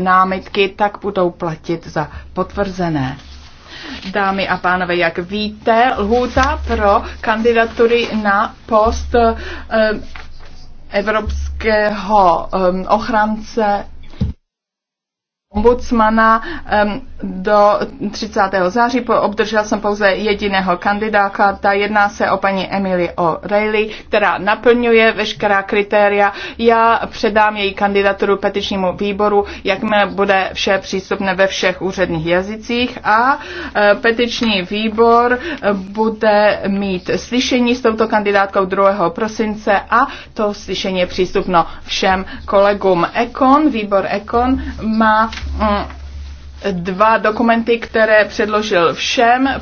námitky, tak budou platit za potvrzené. Dámy a pánové, jak víte, lhůta pro kandidatury na post eh, evropského eh, ochránce ombudsmana eh, do 30. září obdržel jsem pouze jediného kandidáka. ta Jedná se o paní Emily O'Reilly, která naplňuje veškerá kritéria. Já předám její kandidaturu petičnímu výboru, jakmile bude vše přístupné ve všech úředních jazycích a e, petiční výbor e, bude mít slyšení s touto kandidátkou 2. prosince a to slyšení je přístupno všem kolegům. Ekon, výbor Ekon má mm, dva dokumenty, které předložil všem.